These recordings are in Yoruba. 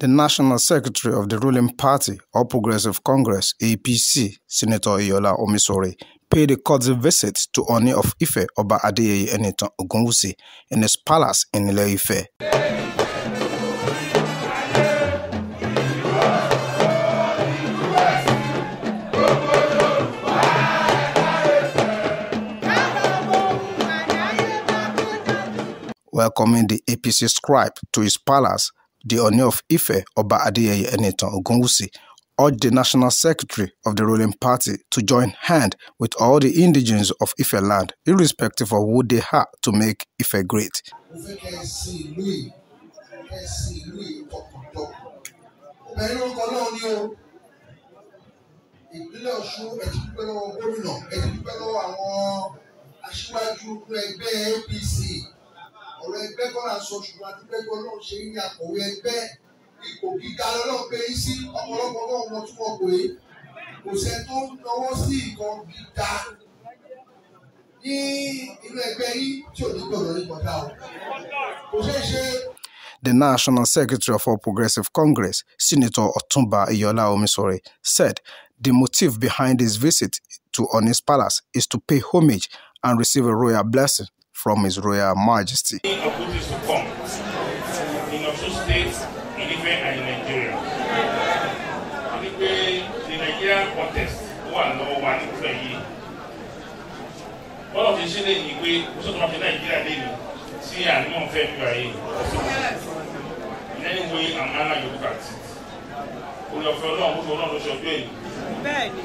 the National Secretary of the ruling party, or Progressive Congress, APC, Senator Iola Omisore, paid a courtesy visit to Oni of Ife Oba Adeyeye Enitan Ogunwusi in his palace in Ile Ife. Welcoming the APC scribe to his palace, the Ooni of Ife, Oba Adeyeye Enitan Ogunwusi, urged the national secretary of the ruling party to join hand with all the indigenes of Ife land, irrespective of who they are, to make Ife great. ìpínlẹ̀ ọ̀ṣun ẹ ti lọ́wọ́ gómìnà ẹ ti lọ́wọ́ àwọn aṣíwájú ẹgbẹ́ APC sọ ṣùgbọ́n náà ṣe ní àkọ̀wé ẹgbẹ́ ipò gíga yín sí ọ̀pọ̀lọpọ̀ náà wọ́n tún wọ́n pé kò sẹ́ tó ń náwó sí nǹkan ní inú ẹgbẹ́ tí ò ní gbọ̀dọ̀ ní kọjá o kò o ko se The National Secretary of All Progressive Congress, Senator Otumba Iyola Omisore, said the motive behind his visit to Onis Palace is to pay homage and receive a royal blessing from His Royal Majesty. Bẹ́ẹ̀ni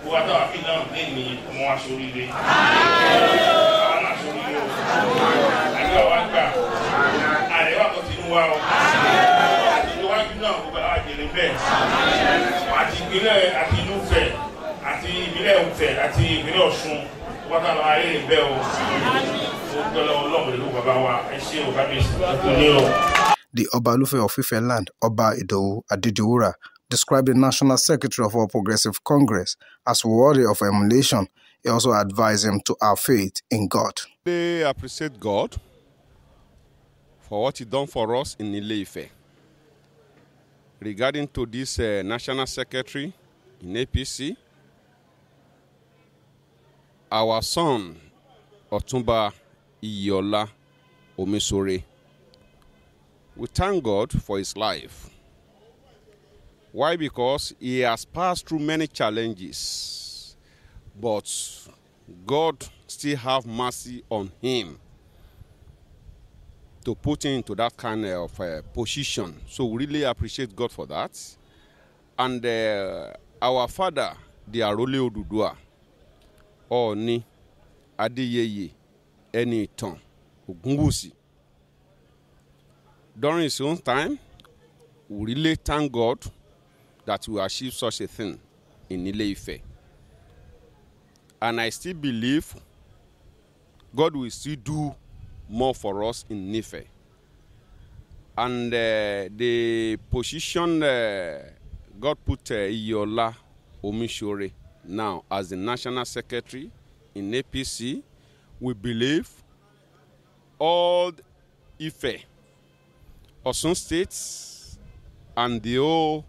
gbogbo àtàwọn akéwìdáhùn lé ní ọmọ wa àwọn náà àdúrà wa gbà àrẹ wa kò tinú wa o àtìlúwájú náà gbogbo àwọn àjèrè bẹ́ẹ̀ àti ìpínlẹ̀ àti ìlú àti ìpínlẹ̀ Ifẹ̀ àti ìpínlẹ̀ Ọ̀ṣun wọn kà lọ ayé rẹ bẹ́ẹ̀ o gbogbo Ọlọ́run pẹ̀lú bàbá wa ẹ ṣé o kábíyèsí tó ní o. The Ọba Olúfẹ́ of Ifẹ̀ land Ọba Ìdòwú Adédiwúrà described the National Secretary of our Progressive Congress as worthy of emulation. He also advised him to have faith in God. They appreciate God for what he done for us in Ileife. Regarding to this uh, National Secretary in APC, our son Otumba Iyola Omisore, we thank God for his life. Why? Because he has passed through many challenges, but God still have mercy on him to put him into that kind of uh, position. So we really appreciate God for that. And uh, our father, the Arole Odudua, Oni, eni tong ugungusi During his own time, we really thank God that we achieve such a thing in Ile-Ife. And I still believe God will still do more for us in Nife. And uh, the position uh, God put uh, Iola Omishore now as the national secretary in APC, we believe all Ife, Osun states, and the whole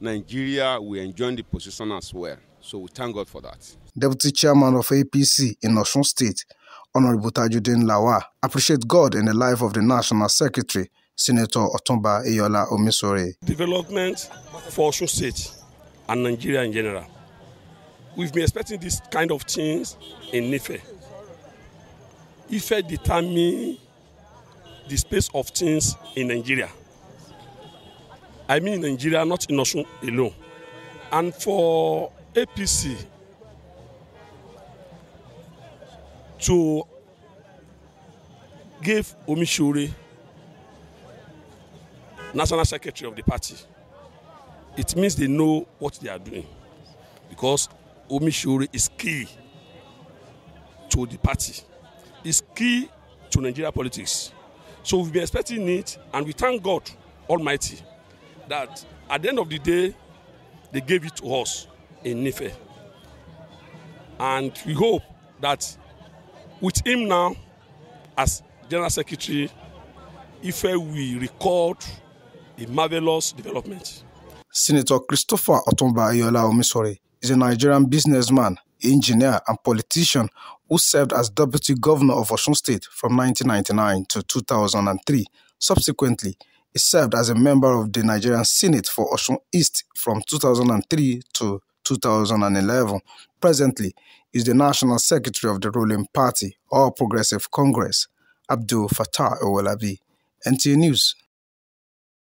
Nigeria will enjoy the position as well. So we thank God for that. Deputy Chairman of APC in Osun State, Honorable Tajuddin Lawa, appreciate God in the life of the National Secretary, Senator Otumba Iyola Omisore. Development for Osun State and Nigeria in general. We've been expecting this kind of things in Ife. Ife determine the space of things in Nigeria. I mean Nigeria, not in Osun alone. And for APC to give Omisore national secretary of the party, it means they know what they are doing because Omisore is key to the party, is key to Nigeria politics. So we've been expecting it, and we thank God Almighty that at the end of the day, they gave it to us in Nife. And we hope that with him now as General Secretary, Ife will record a marvelous development. Senator Christopher Otumba Ayola Omisore is a Nigerian businessman, engineer, and politician who served as Deputy Governor of Osun State from 1999 to 2003. Subsequently, He served as a member of the Nigerian Senate for Osun East from 2003 to 2011. Presently, is the National Secretary of the ruling party, All Progressive Congress, Abdul Fattah Owolabi. NTA News.